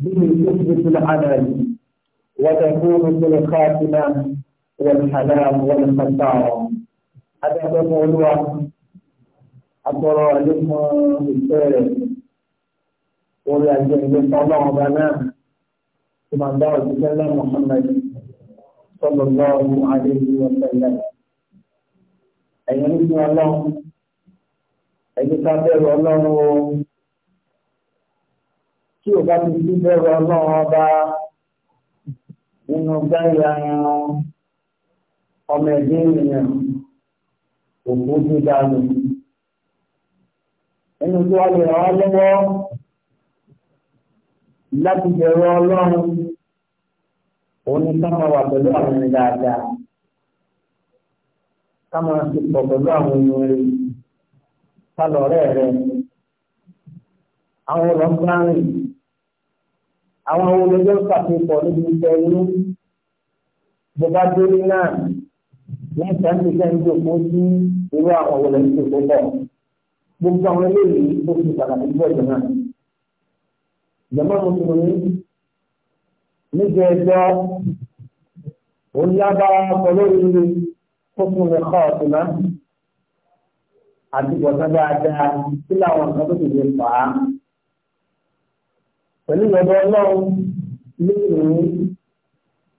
به تثبت العمل وتكون في الخاتمة والحلال والخسارة هذا هو موضوع أترى لكم الثالث قول الجنة الله بنا ثم دعوة سلام محمد صلى الله عليه وسلم أيها الله أيها الله tí ò bá ti sí bẹ́rù ọlọ́run ọba nínú gbáyà ọmọ ẹ̀dẹ́ ènìyàn òkú tó dànù. Ẹnu tó wá lè ràn án lọ́wọ́ láti bẹ̀rù ọlọ́run òun ni ká máa wà pẹ̀lú àwọn ẹni dáadáa. Ká ti pọ̀ pẹ̀lú àwọn ènìyàn rẹ̀ ká lọ rẹ̀ rẹ̀. Àwọn ọlọ́gbọ́n rìn àwọn olùdó ń pàṣípọ̀ níbi iṣẹ́ inú bó bá délé náà ní ìtàǹtì fẹ́ ń jòkó sí irú àwọn olùdó ń jòkó bọ̀ gbogbo àwọn eléyìí tó fi pàtàkì bọ̀ jù náà. Ìjọba Mùsùlùmí níjẹ ẹjọ́ onílábára ọkọ̀ lórí fófin rẹ̀ kọ́ ọ̀túnmá àti bọ̀tán dáadáa sí làwọn nǹkan tó ti lè fà pẹ̀lú ìyọ̀dọ̀ ọlọ́run lónìí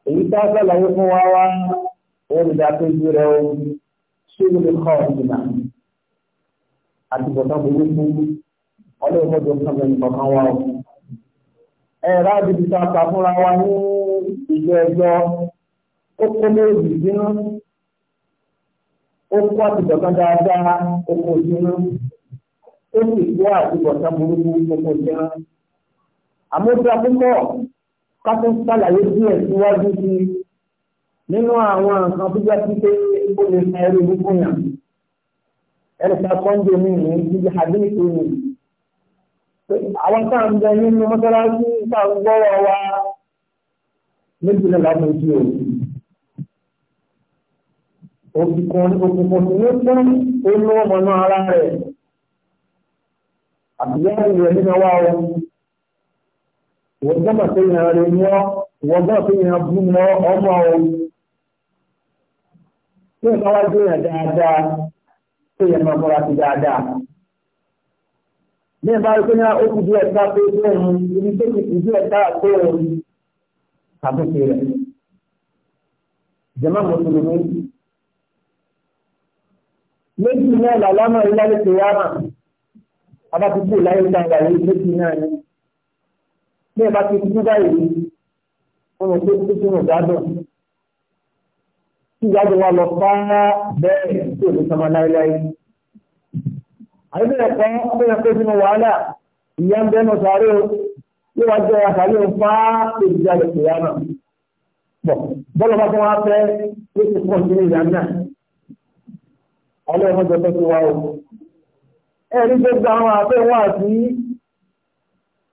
èyí tá a sàlàyé fún wa wá òun ìdàkejì rẹ̀ o ṣé o lè kọ́ ìgbìmọ̀ àti bọ̀tán burú fún ọlọ́run mọ́jọ fún ọmọ ènìyàn kan wá o. ẹ̀rọ àdìbí tá a kà fúnra wa ní ìjọ ẹjọ́ ó kó lóògì sínú ó kó àtìbọ̀tán dáadáa ó kó sínú ó sì kó àtìbọ̀tán burúkú ó kó sínú àmójúra púpọ̀ kátó sàlàyé díẹ̀ síwájú sí nínú àwọn nǹkan tó jẹ́ pípé ó lè fa ẹrú gbogbo yàn ẹnì kan kọ́ńdé mi ní ibi àdéhùn mi àwọn tá à ń bẹ nínú mọ́sálásí tá à ń gbọ́wọ́ wa méjì náà láti ojú o òkùnkùn òkùnkùn ní fún olówó mọ́nú ara rẹ̀ àbíyá ìrẹ̀lẹ́ náà wà ó wọ́n gbọ́dọ̀ pé yẹn rẹ ní ọ́ wọ́n gbọ́dọ̀ pé yẹn bú mọ́ ọmọ o. Bí ẹ̀ka wá gbé yẹn dáadáa, pé yẹn máa múra sí dáadáa. Bí ẹ̀ bá rí pé ní ó kù díẹ̀ ká pé pé òun ibi tó kù díẹ̀ ká pé òun àbúkè rẹ̀. Jàmá Mùsùlùmí. Méjì náà làlámà ìlànà ìṣèyàmà. Abá ti kú ìláyé ìtàn yìí méjì náà ni bí ẹ bá ti kú báyìí wọn mọ̀ pé kí wọn gbádùn kí ìyájọ wa lọ fáá bẹ́ẹ̀ tí ò ní sọmọ láéláé àyẹ̀bẹ̀rẹ̀ kan bẹ́ẹ̀ pé sínú wàhálà ìyá ń bẹ́ẹ̀ nù sáré o yóò wá jẹ́ àkàlẹ́ o fáá èdè alẹ́ pè á náà bọ̀ bọ́lá bá fún wa fẹ́ ló ti pọ̀ sí ìyá náà ọlọ́run ọjọ́ tó ti wá o ẹ̀rí gbogbo àwọn àfẹ́ wà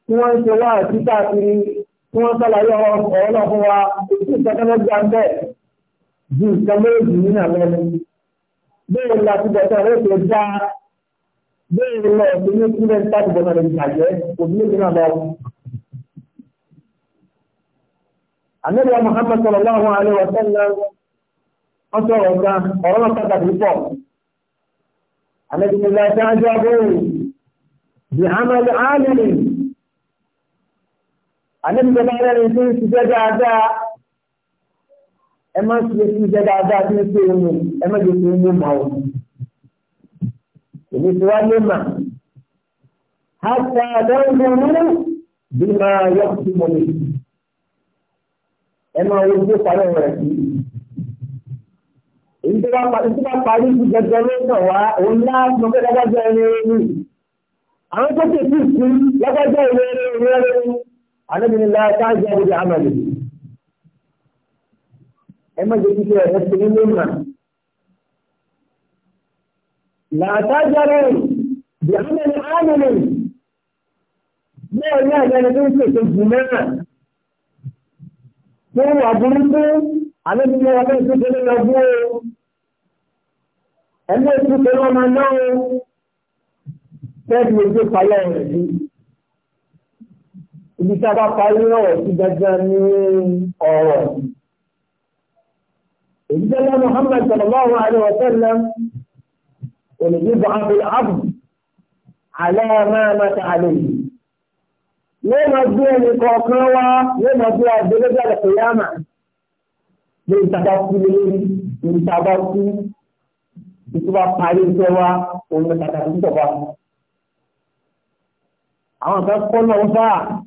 tí wọ́n ń ṣe wá àti káàkiri tí wọ́n sálàyé ọ̀rọ̀ náà fún wa èyí ìtẹ́kẹ́lẹ́gbà bẹ́ẹ̀ ju nǹkan méjì nínú àwọn ẹni. Bẹ́ẹ̀ ni láti bọ̀tán rẹ̀ tó dá bẹ́ẹ̀ ni lọ́ọ̀ sí ní kílẹ̀ láti bọ̀tán rẹ̀ bàjẹ́ òbí méjì náà lọ. Ànábì wa Muhammad sallallahu alaihi wa sallam wọ́n sọ̀rọ̀ gan ọ̀rọ̀ náà pàtàkì pọ̀. Ànábì ni láti ájá bẹ́ẹ̀ bí àníbìtẹ́lá rẹ̀ tó ń ṣiṣẹ́ dáadáa ẹ máa ń ṣe ṣiṣẹ́ dáadáa ní ṣe omi ẹ má ṣe ṣe omi màá òun. èmi ti wá lé mà á ta àdáńgbò mú bí máa yọ sí mo lè. ẹ máa wo bí anábìnrin láyé káàdì àdìdì àmàlì ẹ má jẹ́ kíkẹ́ ẹ̀ ṣe nínú ìmọ̀ làtàjàre bí àmàlì àmàlì bẹ́ẹ̀ ní àjẹni tó ń pèsè jù náà tó wà burúkú anábìnrin wa bẹ́ẹ̀ tó tẹ́lẹ̀ lọ bú o ẹgbẹ́ tó tẹ́lẹ̀ ọmọ náà tẹ́lẹ̀ ló gbé palẹ̀ rẹ̀ ibi tí a bá parí ọ̀rọ̀ sí dandan ní ọ̀rọ̀. Èyí tẹ́lẹ̀ Muhammad sallallahu alaihi wa sallam olùdíje Abdul Abd aláàmàmà ta àlè. Yóò máa gbé ẹni kọ̀ọ̀kan wá yóò máa gbé àgbélébé àlùfẹ́yàmà lórí tàbá kú lórí lórí tàbá kú ìtura parí iṣẹ́ wa òun ni tàbá kú tọ̀ba. Àwọn kan kọ́ náà ń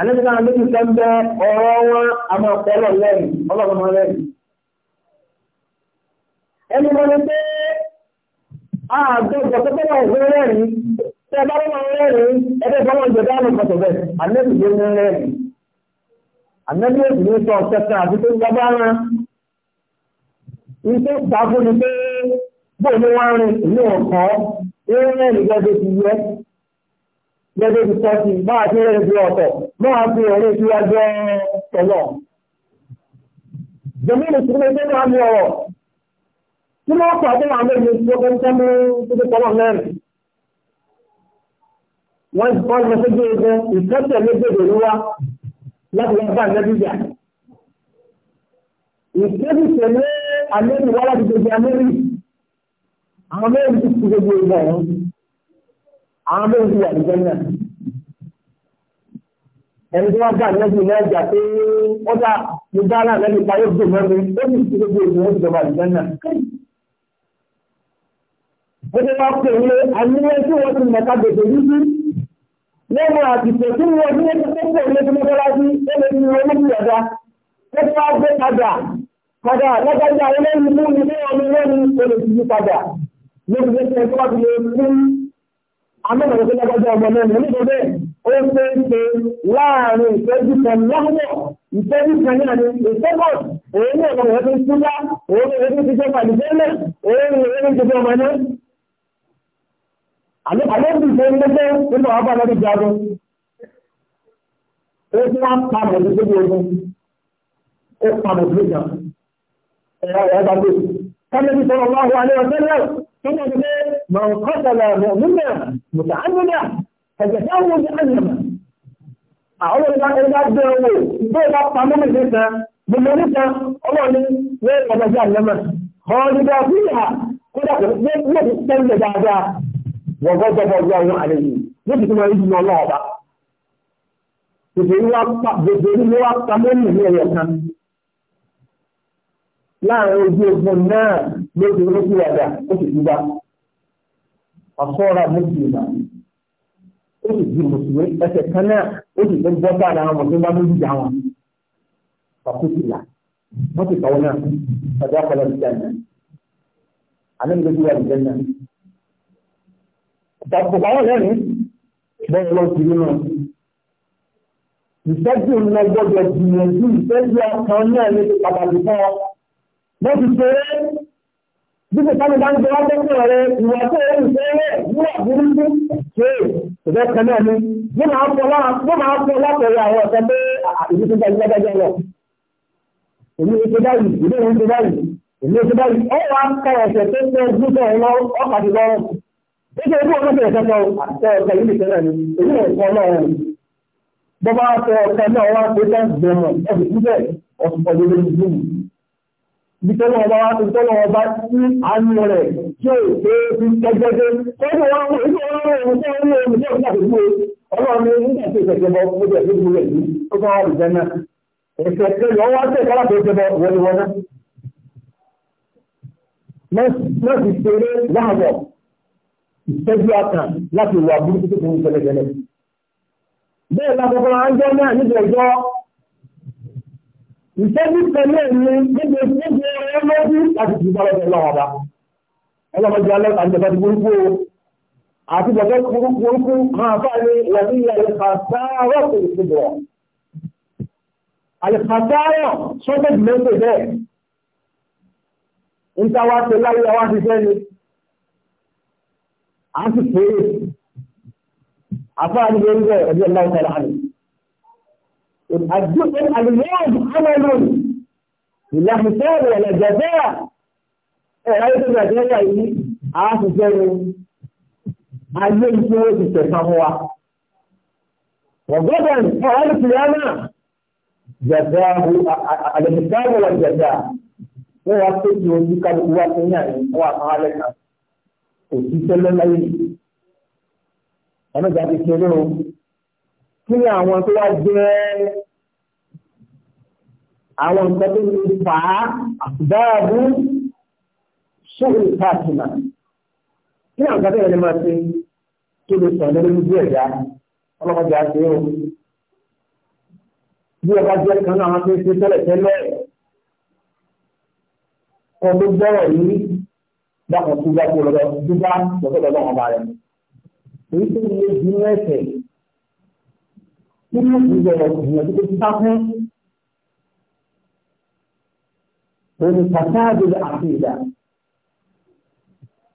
àníkà méjì kan bẹ ọ̀rọ̀ wọn a máa pọ̀ lọ lẹ́yìn ọlọ́run máa lẹ́yìn. ẹni wọn ni pé àgbẹ̀ ìgbọ̀sọ́tọ́ náà ń rẹ́rìn tẹ́ ẹ bá wọn máa rẹ́rìn ẹgbẹ́ ìfọwọ́n ìjọba àwọn ọ̀pọ̀tọ̀ bẹ́ẹ̀ ànẹ́bì ló ń rẹ́rìn. ànẹ́bì èsì ló sọ ọ̀sẹ̀kan àti tó ń gbá bá wọn. iṣẹ́ ìtàkùn ni pé bóun ni wọ́n rìn ìlú ọ̀kọ́ ń rẹ́rìn gẹ́gẹ́ ti yẹ gẹ́gẹ́ bí sọ́ọ̀tì máa fi rẹ̀ ju ọ̀tọ̀ máa fi ọ̀rẹ́ tí wá jẹ́ ọ̀lọ́. Jẹ́mílì tí wọ́n gbé máa mi ọ̀rọ̀. Tí wọ́n pa tó máa lóye tí ó kọ́ńtà mú títí pọ́lọ̀ mẹ́rin. Wọ́n ti kọ́ lọ sójú ẹgbẹ́ ìkẹ́tẹ̀ méjèèjì olúwa láti wọ́n bá nẹ́bíjà. Ìkéjì tẹ̀lé àmẹ́rin wá láti gbogbo àmẹ́rin. Àwọn mẹ́rin ti ti gbogbo ìgbà ọ̀hún àwọn bẹ́ẹ̀ ti yàgbẹ́ náà. ẹni tí wọ́n gbà lẹ́bi lẹ́jà pé ó dà ní ghana lẹ́bi pa yóò gbé mọ́mi ó sì ti gbogbo ìgbìmọ̀ ìjọba ìgbẹ́ náà. ó ti máa pè é àníyàn tí wọ́n ti mọ̀ká gbèsè yíyí lẹ́nu àtìpé tí wọ́n ní ẹni tó pè é lẹ́gbẹ́lẹ́gbẹ́lẹ́gbẹ́ ẹni ní olóògbé ọ̀dà ó ti wá gbé padà padà lọ́gbàdá ẹlẹ́yìn mú mi ní ọmọ lẹ́nu olùsíyí padà lóbi lẹ́sẹ̀ tó wá ti lè fún amẹ́bẹ̀rẹ̀ tó lọ́gbọ́jọ́ ọmọ mẹ́rin onígbẹ́gbẹ́ ó ṣe ń ṣe láàrin ìtẹ́jú kan lọ́wọ́ ìtẹ́jú kan náà ni ìtẹ́bọ̀ òun náà lọ́wọ́ tó ń túbá òun náà tó ń ṣiṣẹ́ pàdùkẹ́lẹ̀ òun náà tó ń ṣiṣẹ́ ọmọ náà. àlébù ìfẹ́ ń gbẹ́gbẹ́ nínú ọba lọ́dún jagun ó ti wá pa mọ̀tò tó bí ogun ó pa mọ̀tò tó jà ẹ̀rọ ẹ̀rọ gbàgbé من قتل مؤمنا متعمدا فجزاؤه جهنم àwọn ìgbà ẹgbà bẹ́ owó tó bá pamọ́ mi níta gbogbo níta ọlọ́ọ̀ni ní ọjọ́jọ́ àlẹ́mọ̀ ọ̀ọ́dúnjọ́ fíìhà kódà kò ní ní ti tẹ́lẹ̀ dáadáa wọ̀gọ́ jọba ọjọ́ àwọn àlẹ́ yìí ní ti túnmọ̀ gbogbo ọ̀sọ́ra mùsùlùmá ó sì di mùsùlùmí ẹsẹ̀ kan náà ó sì tún bọ́ sáà náà wọn tó bá lójú ìjà wọn ọ̀kútìlá wọ́n ti kàwọn náà ọ̀dọ́ akọlọ́ ìjà náà àlẹ́ nígbà tí wọ́n ìjà náà. ìtàkùnkà wọn lẹ́rìn bẹ́ẹ̀ lọ sí nínú ìṣẹ́jú ńlọ gbọ́dọ̀ jìnnà sí ìṣẹ́jú ọkàn náà ní pàtàkì fún ọ. wọ́n ti ṣe é Dípò táwọn bá ń gbé wọ́n tẹ́kọ̀ rẹ̀ ìwà tó rẹ̀ ń fẹ́rẹ̀ níwà burúkú ṣe ìfẹ́ kan náà ni. Bí máa fọ lára bí máa fọ látọ̀rọ̀ àwọn ọ̀sẹ̀ pé ìlú tó dájú lọ́jọ́ lọ. Èmi ètò báyìí, ìlú èmi ètò báyìí, èmi ètò báyìí, ẹ wá ká ẹ̀sẹ̀ tó fẹ́ gbúdọ̀ ẹ̀ lọ ọkà ti lọ́rùn. Dípò ìlú ọ̀sẹ̀ ẹ̀sẹ̀ kan àtẹ ọ̀sẹ̀ ìlú ìtẹ́lẹ̀ ni, èmi ẹ̀kọ́ náà ni. Bọ́bá ọ̀sẹ̀ ọ̀sẹ̀ náà wá pé Ìtọ́lọ̀ ọba wá ti tọ́lọ̀ ọba sí àánú rẹ̀ tí ó pé fi tẹ́gbẹ́gbẹ́. Tọ́lọ̀ wá wọ́n ní ọ̀rọ̀ ohun tó ń lò ní ọjọ́ ìgbàgbé ọlọ́run ní nígbà tí ìṣẹ̀jẹ̀ bọ́ ó bẹ̀ lórí rẹ̀ yìí ó bá wà lùjẹ́ náà. Ẹ̀sẹ̀ tẹ lọ wá tẹ̀ kọ́lá tó jẹbọ wọlé wọlé. Mọ́sì ṣeré láàbọ̀ ìtẹ́jú àkàn láti wà burúkú tó ń gẹlẹ́gẹlẹ́. Bẹ́ẹ̀ ìtẹ́jú pẹ̀lú ẹ̀mí níbi níbi ẹ̀rọ lọ́dún láti fi bọ́lá ọ̀dọ̀ lọ́wọ́ bá. ọlọ́mọdé alẹ́ àjọba ti burúkú o àti bàbá burúkú kan àfáàní wọ̀nyí àlẹ́kàtàrọ̀ kò sí bọ̀. àlẹ́kàtàrọ̀ sọ́jọ́ ìmẹ́sẹ̀ bẹ́ẹ̀. ń ta wá ṣe láyé wá ti fẹ́ ni. à ń sì péré àfáàní lórí bẹ́ẹ̀ ẹ̀jẹ̀ láì tẹ̀lé àná. الجزء اليوم عمل لا حساب ولا جزاء ẹ̀rọ ìgbàgbọ́ra yìí àáṣiṣẹ́ ni ayé tí ó ti tẹ̀sán fún wa. ọ̀gọ́dọ̀ ẹ̀rọ ìfìyàmà jẹ̀dá àlẹ́mìtáwò wa jẹ̀dá wọ́n wá tó ti ojú kálukú wá tó ní àyè wọ́n àtàwọn alẹ́ kan kò sí tẹ́lẹ̀ láyé yìí. ẹ̀rọ ìgbàgbọ́ ti ṣeré o kí ni àwọn tó wá jẹ́ àwọn nǹkan tó lè fà á dáàbò sóòrò káàkiri kí àwọn nǹkan tó yẹ lè máa ṣe tó lè sọ̀rọ̀ lórí bí ẹ̀dá ọlọ́mọdé àti ẹ̀rọ bí ọba jẹ́ kan náà wọ́n ti ṣe tẹ́lẹ̀ tẹ́lẹ̀ ọdún gbọ́rọ̀ yìí dákun tó gbá kó lọ́dọ̀ dúdá lọ́sọ̀dọ̀ lọ́wọ́ bá rẹ̀ èyí tó lè dín ẹ̀sẹ̀ kí ló ń gbìyànjú ìgbìyànjú tó ti sá fún ní fasádù àkídà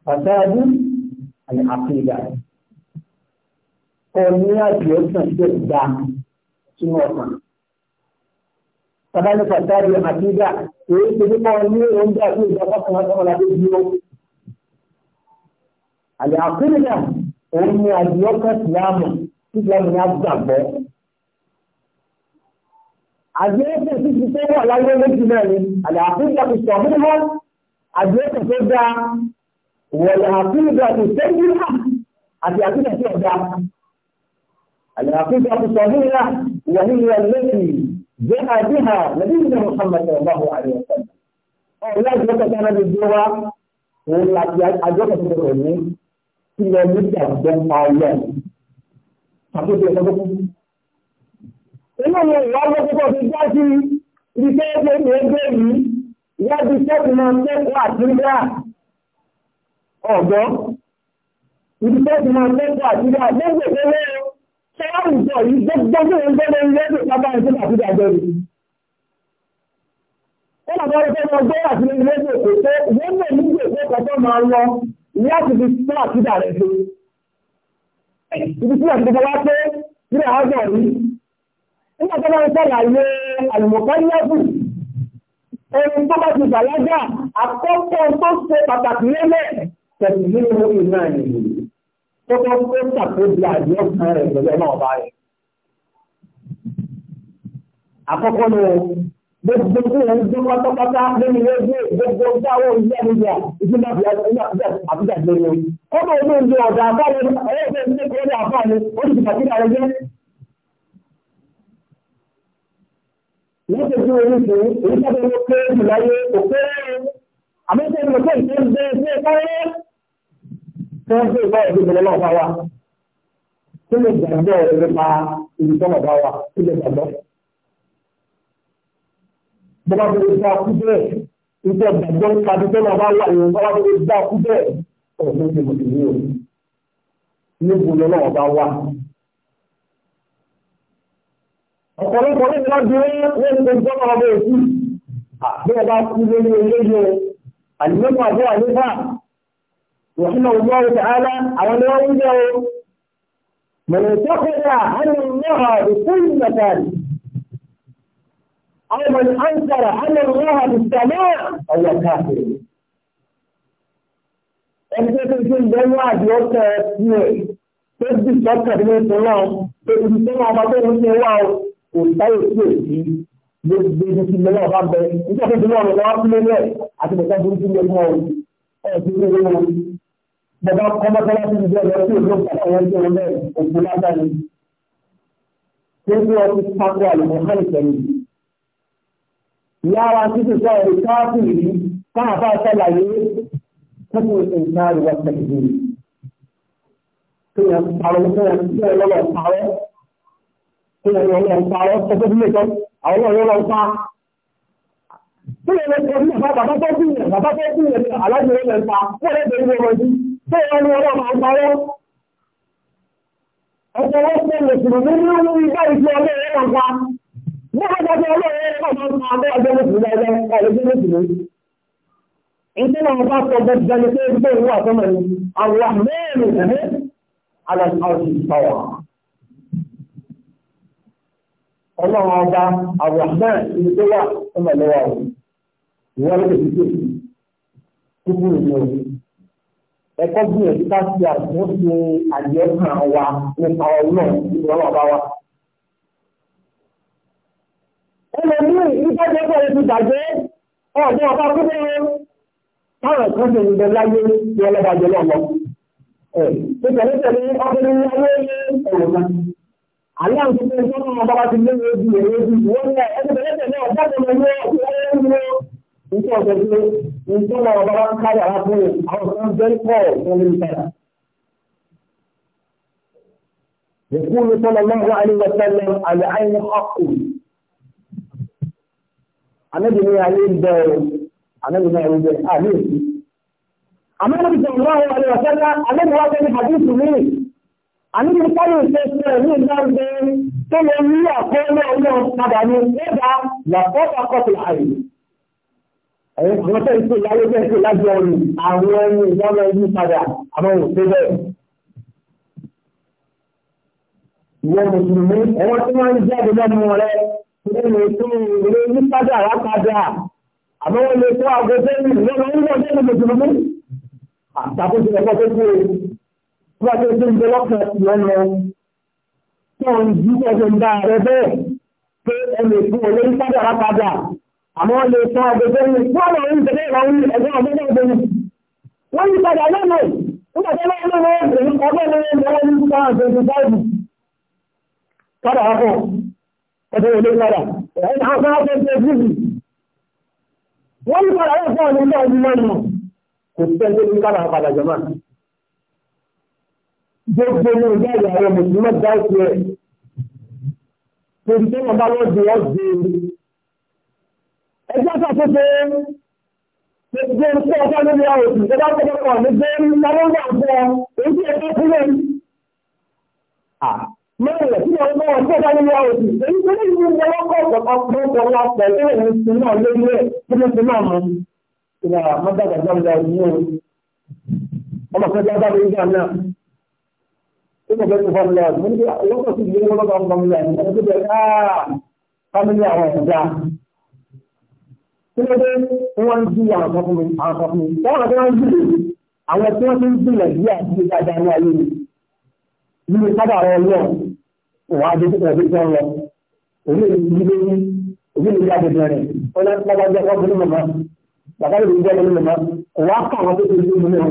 fasádù àkídà ọ̀ní àjọ ọ̀sán tó dá sínú ọ̀sán. Tàbá ní fasádù àkídà èyí ti ní kọ́ ní oúnjẹ àti ìjọba kan ọ̀sán àti ìdíwọ́. Àlẹ́ àkídà òun ni àjọ ọ̀sán ìsìlámù ìsìlámù ní àgbàgbọ́ àgbẹ̀yẹ̀kẹ̀ sí ti tó wà láyé méjì náà ni àlàáfíà kò sọ fún wọn àgbẹ̀yẹ̀kẹ̀ tó dá wọ̀lẹ̀ àfíìdà kò tẹ́jú náà àti àfíìdà tí ọ̀dá àlàáfíà kò sọ fún wọn wà ní ilẹ̀ lẹ́sì jẹ́ àdíhà lẹ́bí ìlú Muhammad sallallahu alaihi wa sallam ọ̀rẹ́ àjọkẹ̀ tí wọn gbé wá òun láti àjọkẹ̀ tó rẹ̀ ní ilẹ̀ méjì àgbẹ̀ pa ọlọ́run àkókò ẹ̀kọ́ inú mi ìwádìí púpọ̀ ti já sí ibi tó ṣe ní ẹgbẹ́ yìí ìwádìí sẹ́kù máa ń kẹ́kọ̀ọ́ àtúndà ọ̀gbọ́n ibi tó ṣe máa ń kẹ́kọ̀ọ́ àtúndà gbogbo ìgbélé ṣé àwùjọ yìí gbogbo ìgbélé ilé èdè pápá ìṣẹ́ àtúndà jẹ́rìí. ó lọ bọ́ ẹgbẹ́ ọgbẹ́ àti ilé èdè kò tó wọ́n lè ní ìgbésẹ̀ kọ́tọ́ máa lọ láti fi tó àtúndà rẹ̀ ṣe. ibi tí àtúndà wá pé ní àwọn ọ̀gbọ̀n yìí nígbà tó bá ń sàlàyé àlùmọ̀kánlẹ́bù ẹni tó bá ti bàlágà àkọ́kọ́ tó ṣe pàtàkì lẹ́lẹ̀ tẹ̀sí nínú iná ìlú tó tó tó ṣàkóso àjọ kan rẹ̀ lọ́jọ́ náà bá rẹ̀. àkọ́kọ́ ni gbogbo tí wọ́n ń gbé pátápátá lórí rédíò gbogbo dáwọ́ ilé ẹ̀mídìà ìdílé àbújáde lórí. kọ́kọ́ olóòjọ́ ọ̀dà àbáyé ọ̀rẹ́ ìgbẹ́ ìdílé kọ́lé àbáyé ó sì pàtíkà rẹ̀ jẹ́ wọ́n ti gbé orí fún èyí sábẹ́ ló pé ìlàyé kò pé àmọ́tẹ́ ìlú pé ìṣe ń bẹ ṣe káyé tó ń gbé ìgbà ìdìbò lọ́wọ́ bá wa tó lè gbàgbọ́ nípa ìlú tọ́lọ̀ bá wa tó lè gbàgbọ́. bó bá fi gba kú bẹ́ẹ̀ ìjọ gbàgbọ́ nípa ìlú tọ́lọ̀ bá wa ìwọ̀n bá fi gba kú bẹ́ẹ̀ ọ̀rọ̀ tó ń ṣe mọ̀tò ní òun ní ìbò lọ́wọ́ bá wa ọ̀pọ̀lọpọ̀ ní ìwádìí lẹ́nu tó jọ́ ọmọ òkú àbí ọba kú lórí olóyè àlùmọ́kọ̀ àbí àlùfà wàhálà ọjọ́ ọ̀tà ààlà àwọn ni wọ́n ń jẹ́ o mọ̀nà tó kọjá hannú náà bí fún ìgbàtàrí àwọn mọ̀nà an sára hannú náà bí sàmà ọwọ́ káfíìn ẹni tó tún tún bẹ́ẹ̀ bí sọ́kà bí wọ́n tó náà kò táyé sí èsì gbogbo ibi tí lọ́wọ́ bá bẹ nígbà tó dúró ọ̀rọ̀ lọ́wọ́ sílé rẹ̀ àti bẹ̀tẹ̀ burúkú ló mọ́ ọ ẹ̀ ti rí owó bàbá kọ́mọ́tọ́lá ti jẹ́ ọ̀rọ̀ tí òun kà ọ̀rọ̀ tí òun bẹ́ẹ̀ òkú látàrí tó ń lọ sí pápá àlùmọ́ hàn ìtẹ̀lẹ̀ yára títí sọ ẹ̀rí káàkiri yìí káàfà sẹ́láyé kókò ìsáàrù wọ́pẹ̀ ìdúró tó yẹ kí lè lọ ń pa ọ ọkọ̀ tó lè tọ́ àwọn ọ̀rọ̀ lọ ń pa. kí lè lọ sọ ní ìfà bàbá tó kú yẹn bàbá tó kú yẹn aláàbò lè ń pa wọ́n lè bẹ̀rù ọmọ yìí tó yẹ ni ọlọ́ máa ń pa wọ́n. ọ̀pọ̀ wọn fẹ́ lè sùn ní nínú ìgbà ọjọ́ ọlọ́run ọba àwòrán ibi tó wà ọmọ ìlú wa òun ìwọ ló ti tó kúkú ìlú òun ẹ̀kọ́ gbìyànjú ká fi àtúnṣe àjẹkàn wa nípa ọlọ́run nínú ọlọ́run ọba wa. ẹlòmíì nípa jẹ́pọ̀ ètò ìdàgbé ọ̀dọ́ ọba kúkú táwọn ẹ̀kọ́ ṣe ń láyé ní ọlọ́ba lọ́wọ́ ẹ̀ tẹ̀lé tẹ̀lé ọdún aláǹtí ní ọjọ́ náà bá bá ti lé ewu ẹ̀rọ ewu ìwọ́n náà ẹgbẹ̀rẹ́gbẹ̀ náà bá ti lọ yọ ọ̀pọ̀lọpọ̀ ní ìṣe ọ̀sẹ̀ tí ìṣe náà bá bá ń kárí arákùnrin àwọn kan bẹ́ẹ̀ pọ̀ fún mi sára. يقول صلى الله عليه وسلم العين حق أنا بني عليه الدار أنا بني عليه الدار آمين أما النبي صلى الله عليه وسلم أنا بواجه حديث منه àníbi táyọ̀ ṣe ṣe ẹ̀rí ìgbàgbé tó lè rí àkọọ́lẹ̀ ọlọ́run padà ní ẹ̀dá làkọ́ta kọ́tù àyè. Ẹ̀yìn àwọn tẹ́ ìṣe ìyáwó bẹ́ẹ̀ ṣe lájọ ọ̀rùn àwọn ẹni ìyáwó ẹni padà àwọn òṣè bẹ́ẹ̀. Ìwọ Mùsùlùmí, ẹ̀wọ́n tí wọ́n ń jáde lẹ́nu rẹ̀ nínú ètò ìwé ní padà rápadà. Àmọ́ wọn lè tó àgọ́ sẹ́yìn lọ́wọ́ ń lọ sẹ́yìn Mùsùlùmí. Àtàkùn ti lọ Wọ́n tó ń bẹ lọ́kàn ìwọ́n lọ. Tó ń jí ẹgbẹ́ ń bá rẹ bẹ́ẹ̀ pé ẹni fún olè ń padà rá padà. Àmọ́ lè sọ agbègbè ní wọ́n lọ ń tẹ̀lé ìlànà ẹgbẹ́ ọgbẹ́ náà gbé. Wọ́n yí padà lọ́nà nígbà tó lọ́wọ́ lọ́wọ́ èyí ọgbẹ́ ní ẹgbẹ́ ní ìgbà àgbègbè báyìí. Padà wá fún ẹgbẹ́ olè padà. Ẹ̀yìn àwọn kan wá fẹ́ wọ́n ní padà yóò fún ọ̀nà ilé ọdún mọ́nà kò sí ẹgbẹ́ ní kára padà jọ máa gbogbo ní ìgbà ìyàwó mùsùlùmí dá òkú ẹ̀. Torí tí wọ́n bá wọ́n di wọ́n di. Ẹgbẹ́ àtàkùnfẹ́ gbogbo ní ọjọ́ lórí àwọn òsì tó bá tẹ́lẹ̀ kan ní gbé lọ́wọ́ wà fún ọ, èyí tí ẹgbẹ́ kúrò ní. Mẹ́rin rẹ̀ tí wọ́n mọ́ ọjọ́ bá lórí àwọn òsì, èyí tó ní ìlú ìwọ lọ́kọ̀ ọ̀pọ̀lọpọ̀ wa pẹ̀lú ẹ̀yìn sí náà lórí ẹ̀ tí wọ́n ti máa mọ̀. Ìgbà mọ́tàgbàgbà ń lọ ní ọmọ kan jábá lórí ìgbà náà tó bẹ̀rẹ̀ tó fọ́n lọ́wọ́ mo ní bí ọlọ́pàá sì lé lọ́wọ́ lọ́wọ́ mi lẹ́yìn mo ní bẹ̀rẹ̀ áà fámílì àwọn ẹ̀dá. Kí ló dé wọ́n ń jí àwọn kan fún mi àwọn kan fún mi? Báwọn kan ń jí àwọn tí wọ́n ti ń jìnlẹ̀ bí àti dáadáa ní ayé mi. Nínú sábà rẹ̀ lọ, òun á dé tó tẹ̀lé tó ń lọ. Òun lè yí lé ní òun lè yá dandan rẹ̀. Ó lọ́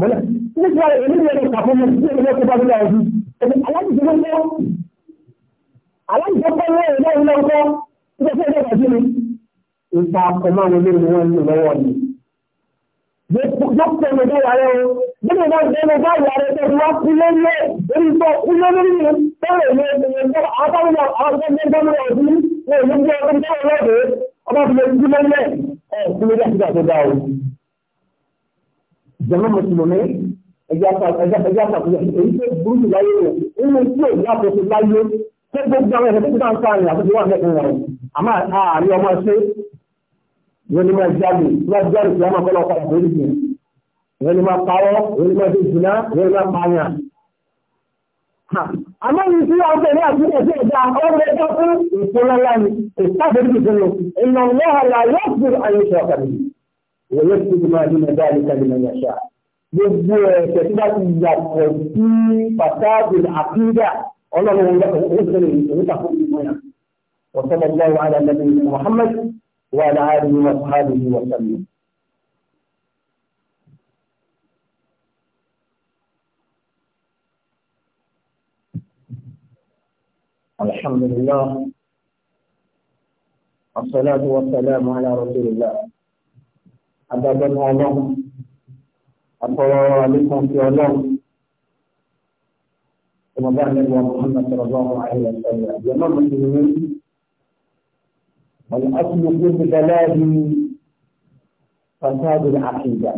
mọ́lẹ̀ nígbà ìlúwẹ̀ ní ìkàfọ́mọ́ sí ilé ẹ̀kọ́ bá nílẹ̀ ọdún aláìsíwọ́n ní ọ́ aláìsíwọ́n ní ilé ìlú ọkọ́ nígbà tí ẹgbẹ́ ìdájú ni ìta ọmọ àwọn olórí wọn ní lọ́wọ́ ni dókítà mi dára rẹ o nínú náà nínú bá ìyá rẹ tó wá kúlé lé orí tó kúlé lórí mi tẹ́lẹ̀ ní ẹgbẹ́ àwọn ọmọ ẹgbẹ́ mi ọdún ní ìlú ọdún tó wọlé ọdún ọba fi lè dúró lẹ ẹ kúlé dá jẹmọ mùsùlùmí ẹjẹ àtàkùn èyí tó burú jù láyé rẹ nínú tí èyí àtòkù láyé tó gbogbo àwọn ẹ̀fẹ́ tó bá ń fa àyìn àtòkù wà lẹ́kùn wọn àmọ́ àárín ọmọ ṣe wọn ni máa jáde wọn jáde kí wọn máa kọ́lọ́ padà lórí jù wọn ni máa parọ́ wọn ni máa ṣe jùlá wọn ni máa pààyàn. àmọ́ yìí tí wọ́n fún ìpínlẹ̀ láyé ويكتب ما دون ذلك لمن يشاء gbogbo ẹ̀ṣẹ̀ tí bá ti yàtọ̀ sí وصلى الله على نبينا محمد وعلى آله وأصحابه وسلم الحمد لله والصلاة والسلام على رسول الله adájọ́nú ọlọ́run àtọ̀rọ̀ àlékún sí ọlọ́run ọmọdé àlejò Muhammad sallallahu alaihi wa sallam àjọ náà mo ti rí wọn asùnwó gbogbo galáàbí fasadu àkìjà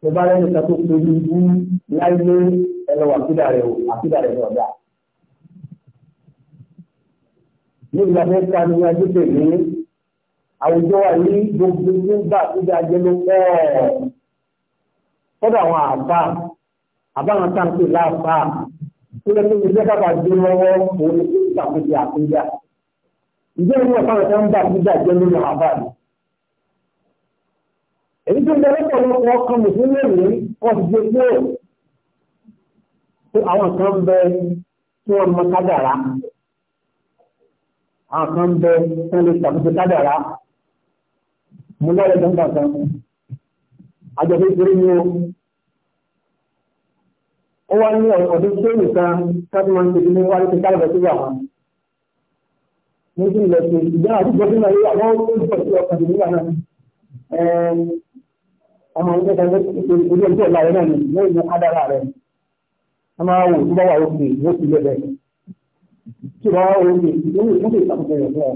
tó bá lẹ́nu ká tó pé ibú láyé ẹlọ́wọ́ àkídà rẹ̀ o àkídà rẹ̀ lọ dáa. nígbà tó ká ní adé tèmi àwùjọ wa ní gbogbo nígbà tó dáa jẹ́ ló pọ̀ kọ́dọ̀ àwọn àbá àbáwọn sáǹpì láàbá tó lẹ́nu iṣẹ́ kápá dé lọ́wọ́ òun ní ìṣàkóso àkójá ìjọ ìlú ọ̀sán ọ̀sán ń bà tó dáa jẹ́ lórí àbá mi. èyí tó ń bẹ lọ́pọ̀lọpọ̀ ọkàn mùsùlùmí wọ́n ti gbé pé àwọn kan bẹ tí wọ́n mọ kádàrá àwọn kan bẹ tí wọ́n lè ṣàkóso kádàrá mo lọ́rẹ̀ tó ń gbà kan àjọ kékeré ni ó ó wá ní ọdún tó nìkan káàdì máa ń tètè ní wáyé tó káàdì tó wà wọn mo sì lọ sí ìyá àti gómìnà yìí àwọn olùkọ́ sí ọkàn tó nígbà náà ọmọ ọdún kan orí ọjọ́ ìlà rẹ̀ náà ni lẹ́yìn mú kádàrà rẹ̀ a máa wò tó bá wà òkè yóò fi lẹ́bẹ̀ẹ́ tí wọ́n wá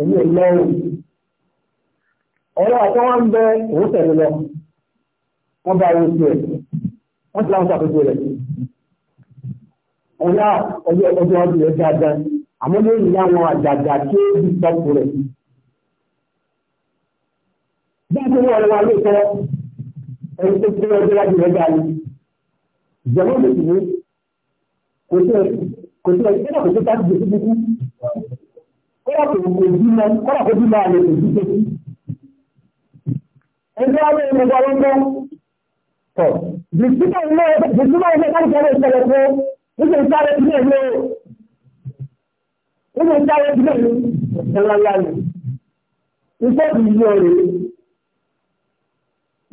èyí ò lọ́rùn ọ̀rọ̀ àtọ́ wọn bẹ òun tẹ̀lé lọ wọ́n bá wọn tiẹ̀ wọ́n ti láwọn sàkóso rẹ̀ ọ̀la ọjọ́ ọjọ́ ọdún rẹ̀ dáadáa àmọ́ lórí láwọn àjàgà tí ó di sọ́kù rẹ̀ bí wọ́n ti ní ọ̀rẹ́ wa lóòótọ́ ẹni tó ti ọjọ́ wájú rẹ̀ dáa ni ìjọba òṣèlú kò sí ẹ̀ kò sí ẹ̀ kí yàtọ̀ òkú ìbímọ kọ́nà kó bímọ àlè kò sí tóbi. ẹgbẹ́ wọn ní ìgbà wọn gbọ́. tọ́ bìtúmọ̀ ilé bìtúmọ̀ ilé káàkiri ọ̀rọ̀ ìṣẹ̀lẹ̀ fún nígbà ìsáré ìdílé ìlú nígbà ìsáré ìdílé ìlú ẹ̀rọ ńlá ni. iṣẹ́ ìlú ọ̀rẹ́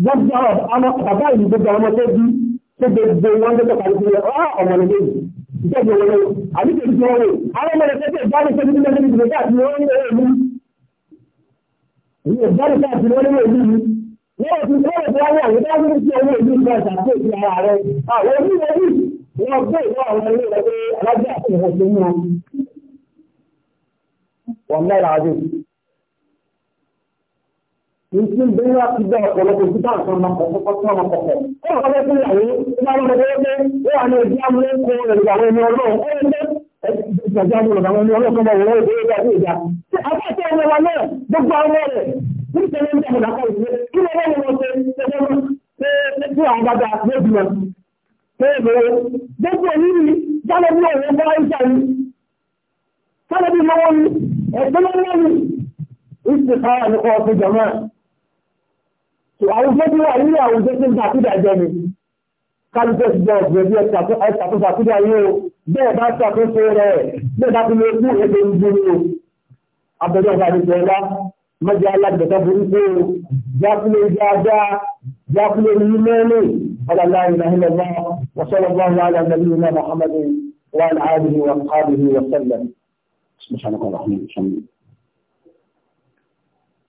gbọ́dọ̀ àwọn bàbá ìlú gbogbo ọmọ tó bí tó gbogbo wọn gbọ́dọ̀ kàlùkù ìjọba òwò àbíkè ìjọba òwò àwọn ọmọ rẹ̀ tẹ́tẹ́ ìbáni tó nílẹ̀ níbi ìgbẹ́ káàkiri wọn nílẹ̀ èlú ìwé ìbáni káàkiri wọn nílẹ̀ èlú yìí wọ́n ti wọ́n ti wáyé àwọn dáhùn sí owó ìlú ìgbà ìṣàkóso ìlú ara rẹ̀ àwọn onílẹ̀ yìí wọ́n gbé ìwọ àwọn ilé rẹ̀ pé alájẹ́ àti ìwọ̀n tó mú wọn. wọ́n mẹ́ra adé nti bẹ́ẹ̀ wá ti bẹ́ ọ̀pọ̀lọpọ̀ títà nǹkan máa kọ̀ọ̀kọ́ kọ́ tí wọ́n máa kọ̀ọ̀kọ́. ó wà lọ́wọ́ fún ìyàwó tó bá lọ́wọ́ lọ́wọ́ pé ó wà ní ojú àwọn ẹ̀kọ́ ẹ̀rọ àwọn ẹni ọlọ́run ó ń bẹ́ ìgbàjá àwọn ọ̀nà àwọn ẹni ọlọ́run kan máa wọ̀ lọ́wọ́ ìgbà àwùjọ tí wà nílé àwùjọ tí ń ta àkúdà jẹ ni kálífẹ́ ti jẹ́ ọ̀gbìn bí ẹ̀ṣàkóso bẹ́ẹ̀ bá ṣàkóso rẹ̀ bẹ́ẹ̀ bá fi lè kú èdè ìdúró abẹ́rẹ́ ọba àti ìjọba mọ́jà alágbẹ̀tọ́ burúkú jákulé dáadáa jákulé yìí mẹ́rin ọlọ́lá ìlànà وصلى الله على نبينا محمد وعلى اله واصحابه وسلم سبحانك اللهم وبحمدك